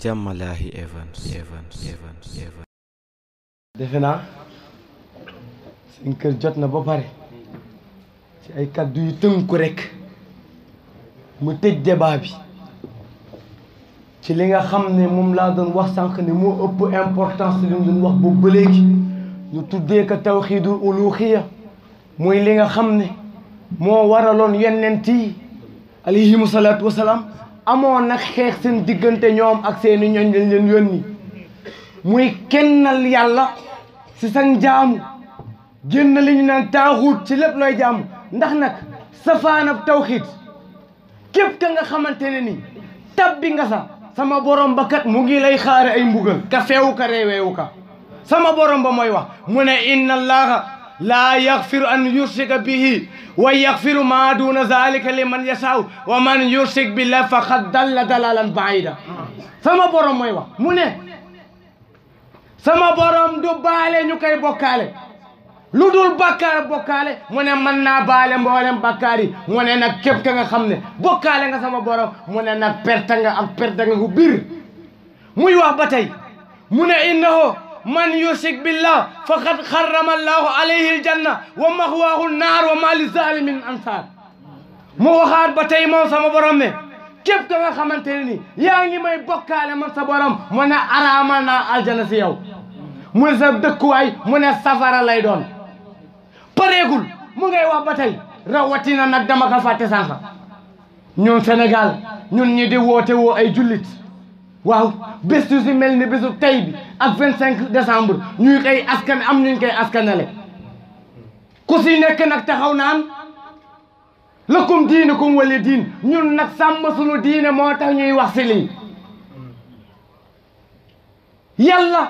Jamalahi Evans Evans Evans Evans defe naa seen kër jot na ba pare ci ay kàddu yu tënku rekk mu tëj débat bi ci li nga xam ne moom laa doon wax sànq ne moo ëpp importance li mu doon wax boobu ba léegi ñu tuddee ko tawxiidul uluxiya mooy li nga xam ne moo waraloon yonent yi alayhimu salaatu wasalaam amoon nag xeex seen diggante ñoom ak seeni ñoñ lañ leen yónni muy kennal yàlla si sang jaamu génn li ñu naan taaxuut ci lépp looy jaamu ndax nag safaanab tawxiid képp ka nga xamante ne ni tabbi nga sa sama borom bakat mu ngi lay xaare ay mbugal ka feewu ka sama borom ba mooy wax mu ne inna allaha لا يغفر أن يشرك به ويغفر ما دون ذلك لمن يشاء ومن يشرك بالله فقد دل دلالا بعيدا سما بورم موي واخ موني سما بورم دو بالي نيكاي بوكالي لودول بكار بوكالي موني من نا بالي مبولم بكاري موني نا كيب كاغا خامني بوكالي nga sama borom موني نا بيرتا nga ak بيرتا nga بير موي واخ باتاي موني انه من يشرك بالله فقد حرم الله عليه الجنه ومغواه النار وما للظالم من انصار مو وخار باتاي مو سما كيف مي كيف كا خامتيني ياغي ماي بوكال ما سما بروم مونا ارامنا الجنه سي ياو مول سا دكواي مونا سفر لاي دون بريغول مو غاي واخ باتاي رواتينا نك دما كا فاتي سانخ ñun sénégal ñun ñi di woté wo ay julit waaw bés yu si mel ni bésu tey bi ak vingt cinq décembre ñuy koy askan am ñu koy askanale ku si nekk nag taxaw naan lëkkum diine kum wala diin ñun nag sàmm suñu diine moo tax ñuy wax si lii yàlla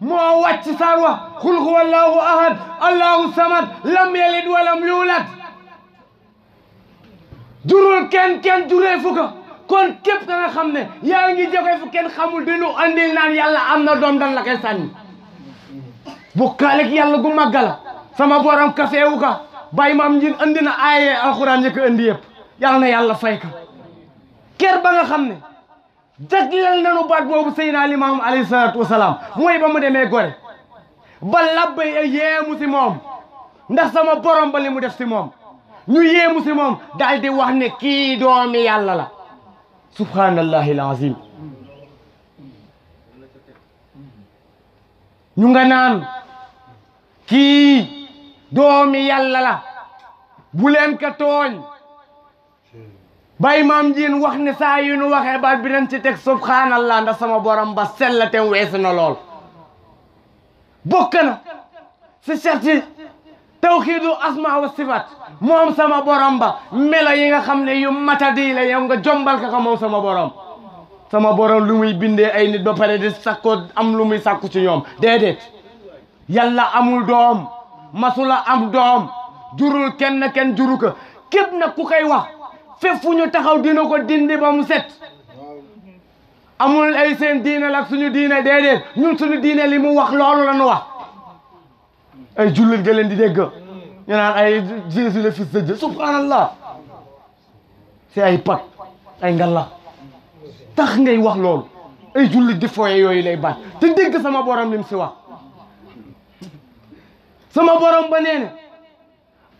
moo wàcc saar wa xul huwa allahu ahad allahu samad lam yalid walam yuulad jurul kenn kenn juree fukka kon képp ka nga xam ne yaa ngi joxe fu kenn xamul di lu andil naan yàlla am na doom dan la koy sànni bu kaalik sama borom kafeewu ka bàyyi maam njin andi na aaye alxuraan yi ko andi yëpp yàlla na yàlla fay ka ker ba nga xam ne jagleel nanu baat boobu Seydina Limaamu alayhi salaatu ba mu demee gore ba labbay si moom ndax sama borom ba mu def si moom ñu yéemu si moom daal di wax ne kii doomi yàlla la subhanallahi alazim ñu nga naan kii doomi yàlla la bu leen ka tooñ bay maam jiin wax ne saa nu waxee ba bi nañ ci teg subhanallah ndax sama borom ba sellate weesu na lool bokk na si certi tawxiidu asma wa sifaat moom sama borom ba melo yi nga xam ne yu matadi la yow nga jombal ka ko sama borom sama borom lu muy bindee ay nit ba pare di sakko am lu muy sakku ci ñoom déedéet yàlla amul doom masula am doom jurul kenn kenn juru ko képp nag ku kay wax fépp fu ñu taxaw dina ko dindi ba mu set amul ay seen diine la suñu diine déedéet ñun suñu diine li mu wax loolu la ñu wax ay jullit nga leen di dégg ñu naan ay Jésus le fils de Dieu subhanallah ay pat ay ngalla tax ngay wax loolu ay jullit di fooye yooyu lay baat te dégg sama borom lim si wax sama borom ba nee ne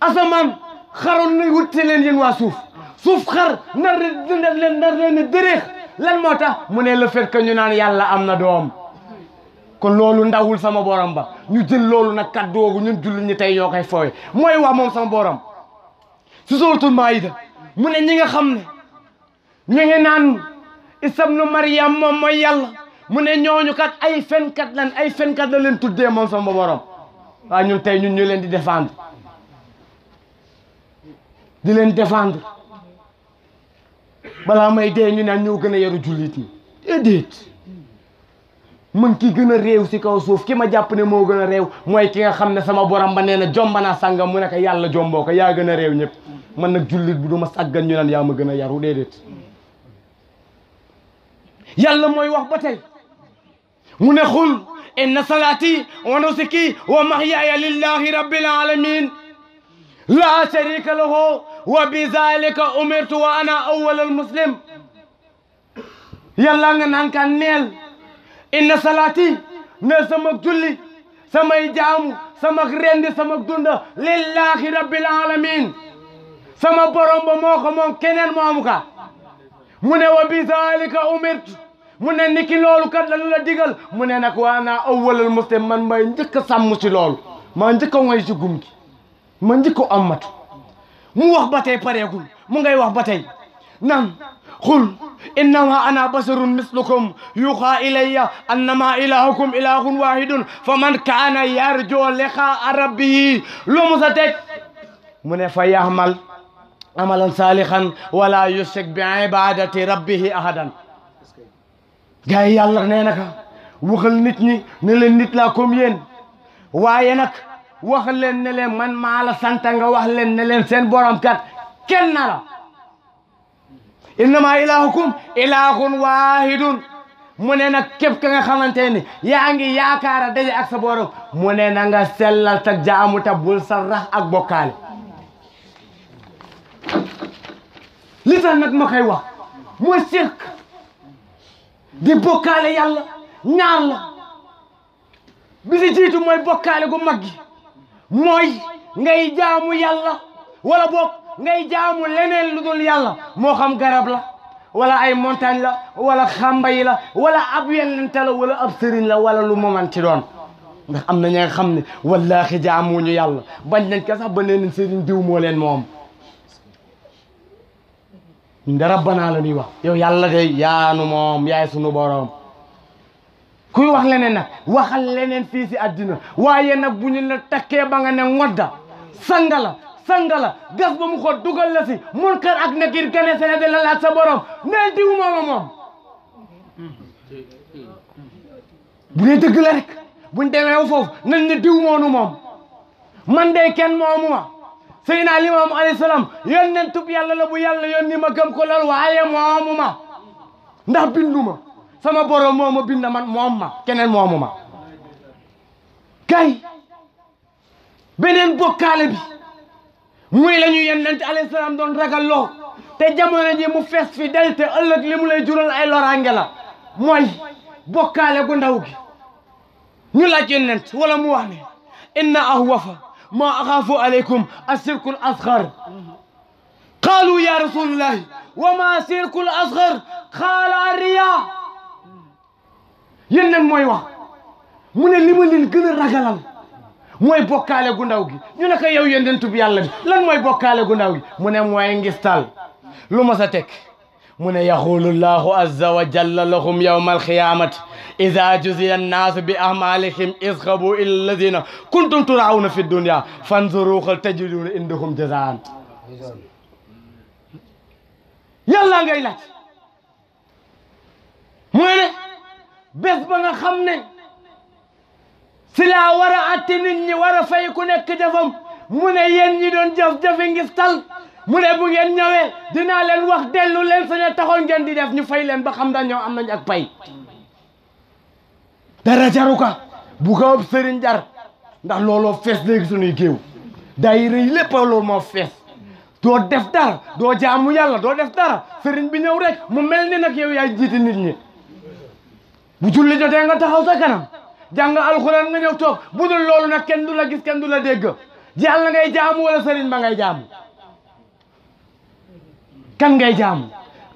asamaan xaroon na wutte leen yéen waa suuf suuf xar nar nar leen nar leen dëreex lan moo tax mu ne la fait que ñu naan yàlla am na doom kon loolu ndawul sama borom ba ñu jël loolu nag kàddoogu ñun jullit ñi tey ñoo koy fooye mooy wax moom sama borom su sooratul maayida mu ne ñi nga xam ne ñu ngi naan isam nu Maryam moom mooy yàlla mu ne ñooñu kat ay fenkat lan ay fenkat la leen tuddee moom sama borom waaw ñun tey ñun ñu leen di défendre di leen défendre balaa may dee ñu naan ñoo gën a yaru jullit ñi déedéet man ki gën a réew si kaw suuf ki ma jàpp ne moo gën a réew mooy ki nga xam ne sama borom ba nee na jomba naa sàngam mu ne ko yàlla jomboo ko yaa gën a réew ñëpp man nag jullit bi du ma sàggan ñu naan yaa ma gën a yaru déedéet yàlla mooy wax ba tey mu ne xul inna salaati wa nusuki wa mahyaaya lillahi rabbil alamin laa sharika lahu wa bi zalika umirtu wa ana awwalul muslim yàlla nga naan kan neel inna salaati ne sama julli samay jaamu sama rendi sama dunda lillahi rabbil alamin sama borom ba moo ko moom keneen moomu ka mu ne wa bi zalika umirtu mu ne niki loolu kat lañu la digal mu ne nag waa naa awwalal muslim man may njëkk a sàmm ci loolu maa njëkk a ngoy ci gum gi ma njëkk a ammatu mu wax ba pareegul mu ngay wax ba tey نعم قل انما انا بشر مثلكم يوحى الي انما الهكم اله واحد فمن كان يرجو لقاء ربه لمزتك من فيعمل عملا صالحا ولا يشرك بعباده ربه احدا جاي الله نينك وخل نتني نل نت لا كوم ين وايي نك واخ لين نل من مالا سانتا واخ لين نل سين بوروم كات كين نالا innama ilahukum ilahun wahidun mu ne nag képp ka nga xamante ni yaa ngi yaakaara daje ak sa mu ne na sellal ta jaamu ta bul sa ak bokkaale li tax nag ma wax mooy sirk di bokkaale yàlla ñaar la bi si jiitu mooy bokkaale gu mag gi mooy ngay jaamu yàlla wala boog ngay jaamu leneen lu yàlla mo xam garab la wala ay montagne la wala xambay la wala ab yonent la wala ab serigne la wala lu momanti doon ndax am na ñi wallahi jaamu ñu yàlla bañ nañ ka sax ba neen serigne diw mo leen mom ñun de la ni wax yow yàlla de yaanu mom yaay sunu borom kuy wax leneen nak waxal leneen fi ci adina waye nak buñu la takke ba nga ne ngodda sangala sangala gas ba mu xool dugal la si munkar ak nakir gane sene de sa borom neel diw mooma moom bu dee dëgg la rek buñ demee foofu nañ ne diw moonu moom man de kenn moomu ma Seydina Limaamu alayhi salaam yónneen tub yàlla la bu yàlla yónni ma gëm ko lool waaye moomu ma ndax bindu ma sama borom mooma bind moom ma keneen moomu ma kay beneen bokkaale bi muy lañu ñu yonent alayhi salaam doon ragal te jamono ji mu fees fi del te ëllëg li mu lay jural ay loraange la mooy bokkaale gu ndaw gi ñu laaj yonent wala mu wax ne inna ahwafa ma axaafu aleykum asirkul asxar qaalu ya rasulullahi wa ma sirkul asxar qaala arriya yéen nag mooy wax mu ne li ma ragalal moy bokale gu ndaw gi ñu ne ko yow yonent bi yàlla bi lan moy bokale gu ndaw gi mu ne mooy ngistal lu ma sa tek mu ne yaxulu llahu azza wa jalla lahum yawma alqiyamati ida juziya annaasu bi amalihim isxabu ila alladina kuntum turaawna fi dunia fanzuru hal tajiduna indahum jazaan yàlla ngay laaj mooy ne bés ba si laa war a atte nit ñi war a fay ku nekk jafam mu ne yéen yi doon jëf-jëfi ngis tal mu ne bu ngeen ñëwee dinaa leen wax dellu leen sene taxoon ngeen di def ñu fay leen ba xam da ñoo am nañ ak pay dara jaru bu ko ëpp sëriñ jar ndax looloo fees léegi suñuy géew day rëy lépp loolu moo fees doo def dara doo jaamu yàlla doo def dara sëriñ bi ñëw rek mu mel ni nag yow yaay jiiti nit ñi bu julli jotee nga taxaw sa kanam jàng alxuraan nga ñëw toog bu dul loolu nag kenn du la gis kenn du la dégg ji yàlla ngay jaamu wala sëriñ ba ngay jaamu kan ngay jaamu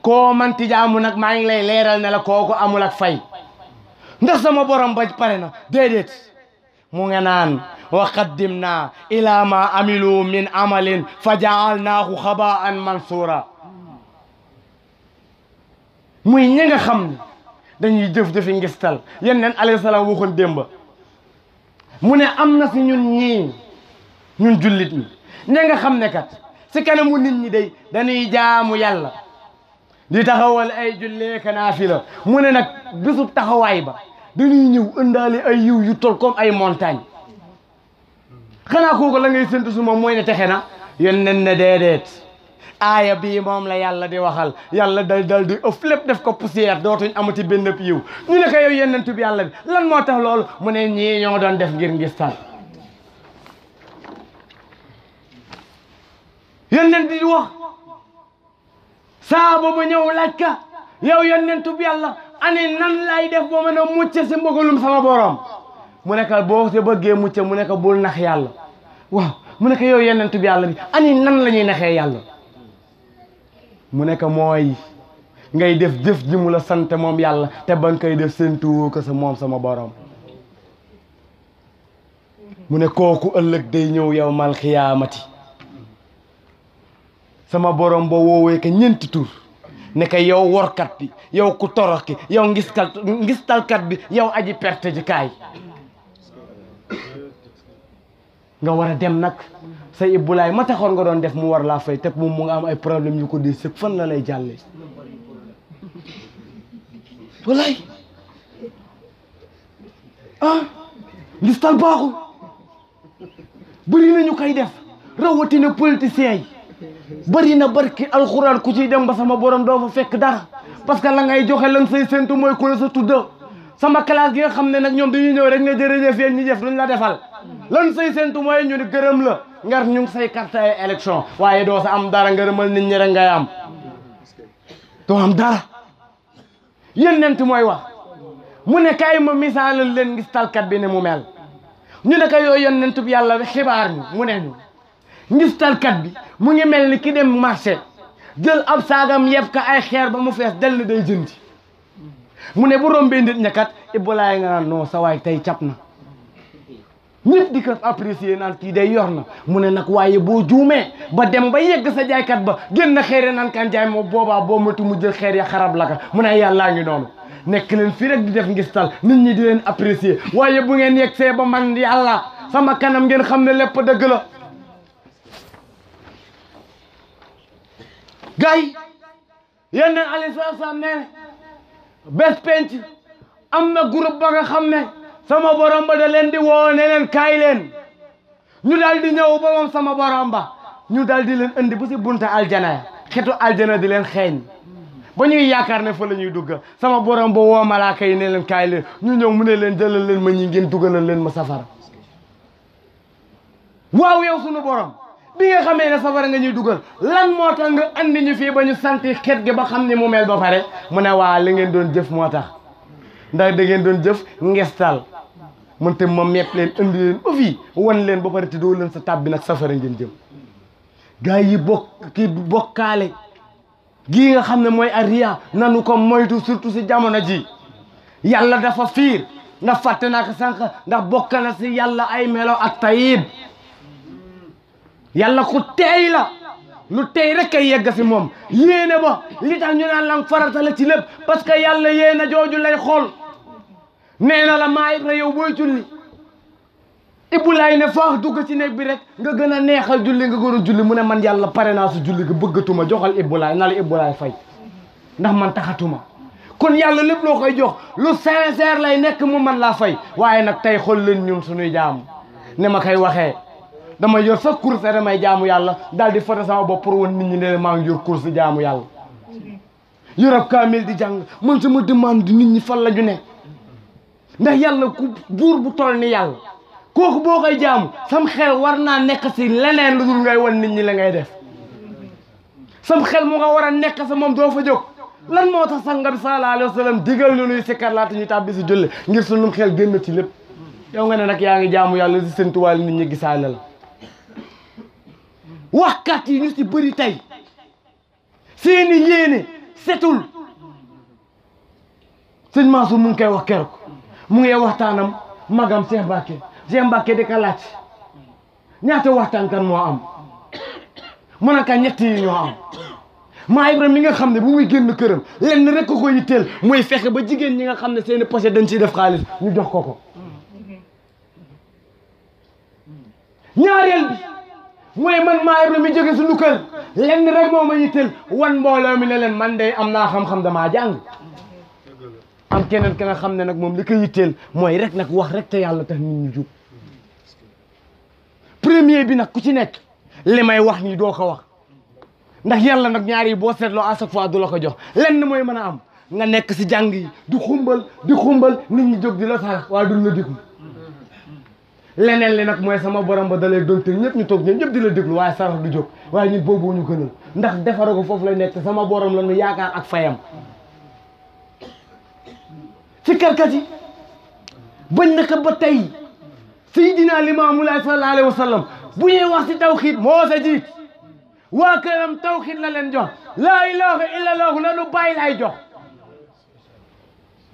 koo manti jaamu nag maa ngi lay leeral ne la kooku amul ak fay ndax sama borom ba pare na déedéet mu nga naan wa qaddimna ila ma amilu min amalin fa jaalnaahu xabaan mansura muy ñi nga xam dañuy jëf-jëfi ngistal yenen alayhi salam waxon demba mune amna ci ñun ñi ñun julit ñi ña nga xam ne kat si kanamu nit ñi day dañuy jaamu yàlla di taxawal ay julle kanafila mune nak bisub taxaway ba dañuy ñëw ëndalé ay yiw yu tol comme ay montagne xana koku la ngay séntu suma moy mooy ne texe na yenneen ne déedéet aaya bii moom la yàlla di waxal yàlla dal dal di ëf lépp def ko poussière dootuñ amati benn yiw ñu ne ko yow bi yàlla bi lan moo tax loolu mu ne ñii ñoo doon def ngir ngistal yennant di wax saaba ñëw laaj ka yow yennantu yàlla ani nan lay def ba a mucc si mbugalum sama mu ne boo si bëggee mu ne ko nax yàlla waaw mu ne ko yow yennantu nan la ñuy naxee yàlla mu nekk mooy ngay def jëf ji mu la sant moom yàlla te ba nga def séentuwoo ko sa moom sama boroom mu ne kooku ëllëg day ñëw yow mal xiyaamati sama boroom ba woowee ko ñeenti tur ne ko yow workat bi yow ku torox ki yow ngiskal ngistalkat bi yow aji perte ji nga war a dem nag say Ibulaay ma korang nga doon def mu war laa fay te moom mu nga am ay problème yu ko di sëg fan la lay jàllee walaay ah ngistal baaxul bëri nañu koy def rawatina politiciens yi bëri na barki alxuraan ku ciy dem ba sama borom fa fekk dara parce que la ngay joxe lan say séntu sa sama classe gi nga xam ne nag ñoom dañuy ñëw rek nga jërëjëf yéen ñu jëf luñ la defal lan say séntu mooy ñu ni gërëm la ngar ñu say carte ay waaye doo sa am dara nga rëmal nit ñi rek ngay am doo am dara yónnent mooy wax mu ne kaay ma misaalal leen ngis talkat bi ne mu mel ñu ne yenn yoo yónnentub yàlla bi xibaar ñu mu ne ngis talkat bi mu ngi mel ni ki dem marché jël ab saagam yeb ka ay xeer ba mu fees dell day jëndi mu ne bu rombee nit ñakat ibulaay nga naan non sa waay tey cap na ñëpp di ko apprécier naan kii day yor na me? ne nag waaye boo juumee ba dem ba yegg sa jaaykat ba génn xeere ya naan kan jaay moo boobaa boo matu mu jël xeer ya xarab la ka mu ne ngi noonu nekk leen fii rek di def ngistal nit ñi di leen apprécier waaye bu ngeen yegg ba man yàlla sama kanam ngeen xam ne lépp la gay yéen neen alayhi salaam nee bés penc groupe ba nga sama borom ba da leen di woo neleen leen ñu daal di ñëw ba moom sama borom ba ñu daal di leen indi ba si bunta aljana ya xetu aljana di leen xeeñ ba ñuy yaakaar ne fa la ñuy dugg sama borom ba woo malaaka yi ne leen kaay ñu ñëw mu ne leen jëlal leen ma ñi ngeen dugalal leen ma safara waaw yow sunu borom bi nga xamee ne safara nga ñuy dugal lan moo tax nga andi ñu fii ba ñu santi xet gi ba xam ni mu mel ba pare mu ne waa li ngeen doon jëf moo tax ndax da ngeen doon jëf ngestal mën te ma mepp leen indi leen ba fii wan leen ba pare te doo leen sa tàbbi nag safara ngeen jëm gaa yi bokk ki bokkaale gii nga xam ne mooy ariya nanu ko moytu surtout si jamono ji yàlla dafa fiir ndax fàtte naa ko sànq ndax bokk na si yàlla ay melo ak tayib yàlla ku teey la lu tey rek kay yegg si moom yéene ba li tax ñu naan lan farata ci lépp parce que yàlla na jooju lay xool nee na la maa it na yow booy julli ibulaay ne faax dugg ci néeg bi rek nga gën a neexal julli nga gën a julli mu ne man yàlla pare naa su julli gi bëggatuma joxal ibulaay na la ibulaay fay ndax man taxatuma kon yàlla lépp loo koy jox lu sincère lay nekk mu man laa fay waaye nag tey xool leen ñun suñuy jaamu ne ma koy waxee dama yor sax course may jaamu yàlla daal di foto sama bopp pour woon nit ñi ne maa ngi yor course jaamu yàlla yor ab kaamil di jàng man sama demande nit ñi fan la ñu ne ndax yàlla ku buur bu toll ni yàlla kooku boo koy jaamu sam xel war naa nekk si leneen lu dul ngay wan nit ñi la ngay def sam xel moo nga war a nekk sa moom doo fa jóg lan moo tax sanga bi sallallahu alayhi wa sallam digal nu nuy sikkar laata ñu tàbbi si julli ngir sunum xel génn ci lépp yow nga ne nag yaa ngi jaamu yàlla si seen tuwaal nit ñi gisaale la waxkat yi ñu si bëri tey seeni yéene setul sëñ Mansour mu ngi koy wax keroog mu ngee waxtaanam magam Cheikh Mbacké Cheikh Mbacké di ka laaj ñaata waxtaan kan moo am mën a ka ñett yi ñoo am maa Ibrahima mi nga xam ne bu muy génn këram lenn rek ko ko yitteel mooy fexe ba jigéen ñi nga xam ne seeni posé dañ ciy def xaalis ñu jox ko ko ñaareel bi mooy man maa Ibrahima mi jóge suñu kër lenn rek moom ma yitteel wan mbooloo mi ne leen man day am naa xam-xam damaa jàng am keneen ka nga xam ne nag moom li ko yitteel mooy rek nag wax rek te yàlla tax nit ñu jub premier bi nag ku ci nekk li may wax nii doo ko wax ndax yàlla nag ñaari boo seetloo à chaque fois du la ko jox lenn mooy mën a am nga nekk si jàng yi du xumbal di xumbal nit ñi jóg di la sarax waaye duñ la déglu leneen li nag mooy sama borom ba dalay doon te ñëpp ñu toog ñoom ñëpp di la déglu waaye sarax du jóg waaye ñun boobu ñu gënal ndax defar ko foofu lay nekk sama borom la ñu yaakaar ak fayam sikkarkat yi bañ naka ba tey Seydina Limaamu Laay sallallahu alayhi wa bu ñuy wax si tawxiid moo sa jiit waa këram tawxiid la leen jox la ilaaha illallaah la nu bàyyi ay jox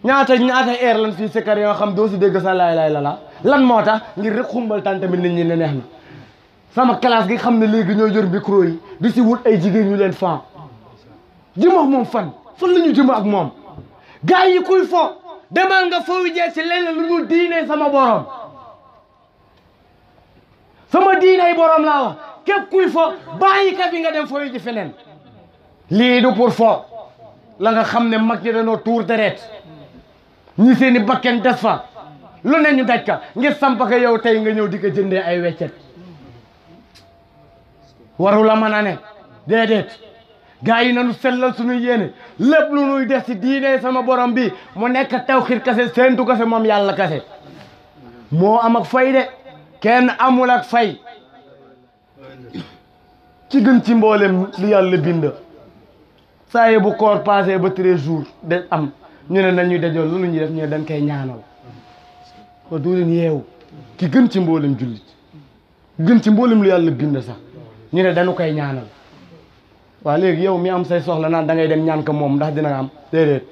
ñaata ñaata heure lan fii sikkar yoo xam doo si dégg sa laa ilaaha illallaah lan moo tax ngir rek xumbal tan tamit nit ñi ne neex na sama classe gi xam ne léegi ñoo yor micro yi di si wut ay jigéen ñu leen fan jëm ak moom fan fan la ñu ak moom gars kuy fo demal nga foofu jee si leneen lu dul diine sama borom sama diiney borom laa wax képp kuy fo bàyyi ka bi nga dem foofu ji feneen lii du pour fo la nga xam ne mag ñi dañoo tuur deret ñi seeni bakken des fa lu ne ñu daj ka ngir samp ka yow tey nga ñëw di ko jëndee ay weccet waru la mën a ne déedéet gaa yi nanu sellal suñu yéene lépp lu nuy def ci diine sama borom bi mu nekk tawxiid kase séentu kase moom yàlla kase moo am ak fay de kenn amul fay ci gën ci mboolem li yàlla bind saa yi bu koor passé ba trois jours de am ñu ne nañu dajool lu ñu def ñu ne dañ koy ñaanal ko du yeewu ki gën ci mboolem jullit gën ci mboolem lu yàlla bind sax ñu ne dañu koy ñaanal waa léegi yow mi am say soxla naan dangay dem ñaan ko moom ndax dina nga am déedéet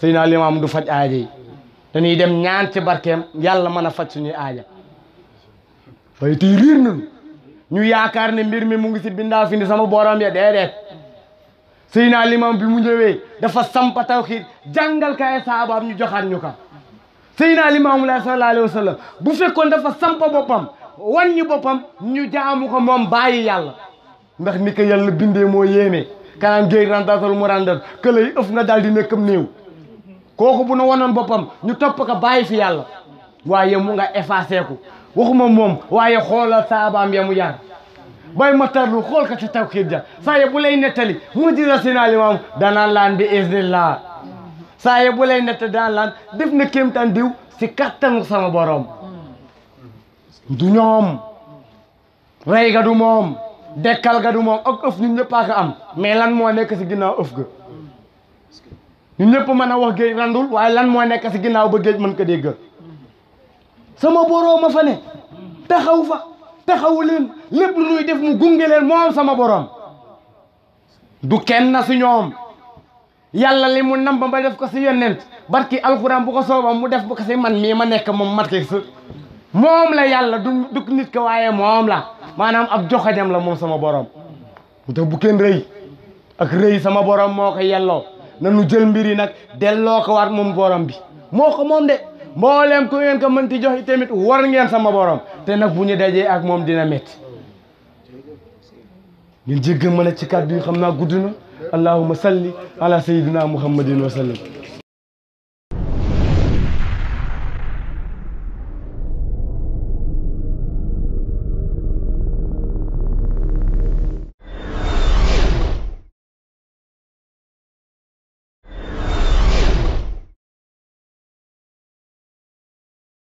sëy naa limaam du faj aaja yi dañuy dem ñaan ci barkeem yàlla man a faj suñuy aaja waaye tey riir nañu ñu yaakaar ne mbir mi mu ngi si bindaa fi ni sama borom ya déedéet sëy naa limaam bi mu ñëwee dafa sampa tawxiid jàngal ka ay saabaam ñu joxaat ñu ka sëy naa limaamu laay sallallahu alayhi wa bu fekkoon dafa sampa boppam wan boppam ñu jaamu ko moom bàyyi yàlla ndax mi ko yàlla bindee moo yéeme kanaan géej randatal mu randal këlay ëf na daal di néew kooku bu nu wanoon boppam ñu topp ko bàyyi fi yàlla waaye mu nga effacé ko waxuma moom waaye xoolal saabaam ya mu yar bay ma tarlu xool ko ca tawkiid ja saa ye bu lay nettali mu dira sinaali maam danaan laan bi isnillah saa bu lay nettali danaan laan def na kéemtaan diw si kattanu sama borom du rey ga du moom dekkal ga du moom ak ëf ñun ñëpp a ko am mais lan moo nekk si ginnaaw ëf ga ñun ñëpp mën a wax géej randul waaye lan moo nekk si ginnaaw ba géej mën ko dégg sama boroom a fa ne taxaw fa taxaw leen lépp nuy def mu gunge leen moom sama boroom du kenn na si ñoom yàlla li mu namba ba def ko si yonent barki alxuraan bu ko soobam mu def bu ko si man mii ma nekk moom marke moom la yàlla du du nit ko waaye moom la maanaam ab joxañam la moom sama borom mu tax bu kenn rëy ak rëy sama borom moo ko yelloo na nu jël mbir yi nag delloo ko moom borom bi moo ko moom de mboolem ku ngeen ko mënti jox i tamit war ngeen sama borom te nag bu ñu dajee ak moom dina métti ngeen jéggal ma nag ci kàddu yi xam naa gudd na allahumma salli ala sayyidina muhammadin wa sallam